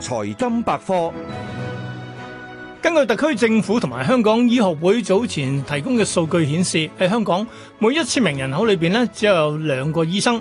財金百科，根據特區政府同埋香港醫學會早前提供嘅數據顯示，喺香港每一千名人口裏邊咧，只有兩個醫生。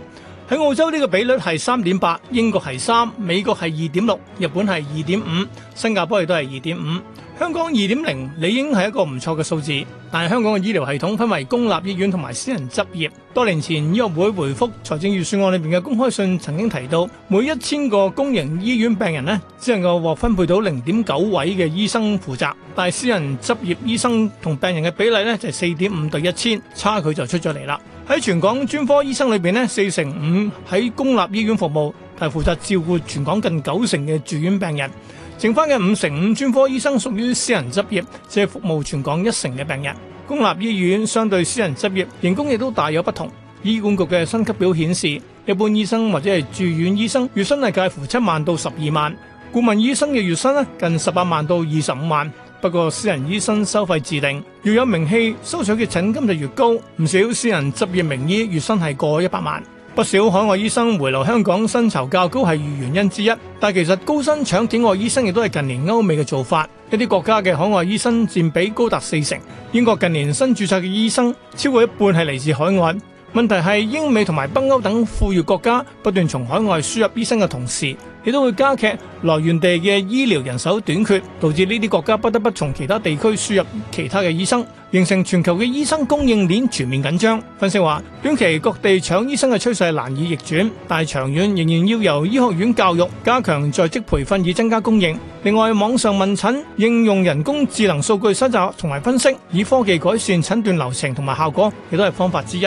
喺澳洲呢個比率係三點八，英國係三，美國係二點六，日本係二點五，新加坡亦都係二點五，香港二點零，理應係一個唔錯嘅數字。但係香港嘅醫療系統分為公立醫院同埋私人執業。多年前醫學會回覆財政預算案裏面嘅公開信曾經提到，每一千個公營醫院病人咧，只能夠獲分配到零點九位嘅醫生負責，但係私人執業醫生同病人嘅比例呢，就係四點五對一千，差距就出咗嚟啦。喺全港專科醫生裏邊咧，四成五喺公立醫院服務，係負責照顧全港近九成嘅住院病人；剩翻嘅五成五專科醫生屬於私人執業，只係服務全港一成嘅病人。公立醫院相對私人執業，人工亦都大有不同。醫管局嘅薪級表顯示，一般醫生或者係住院醫生月薪係介乎七萬到十二萬；顧問醫生嘅月薪咧近十八萬到二十五萬。不過私人醫生收費自定，要有名氣，收取嘅診金就越高。唔少私人執業名醫月薪係過一百萬。不少海外醫生回流香港，薪酬較高係原因之一。但其實高薪搶境外醫生亦都係近年歐美嘅做法。一啲國家嘅海外醫生佔比高達四成。英國近年新註冊嘅醫生超過一半係嚟自海外。問題係，英美同埋北歐等富裕國家不斷從海外輸入醫生嘅同時，亦都會加劇來源地嘅醫療人手短缺，導致呢啲國家不得不從其他地區輸入其他嘅醫生，形成全球嘅醫生供應鏈全面緊張。分析話，短期各地搶醫生嘅趨勢難以逆轉，但係長遠仍然要由醫學院教育加強在職培訓以增加供應。另外，網上問診應用人工智能、數據收集同埋分析，以科技改善診斷流程同埋效果，亦都係方法之一。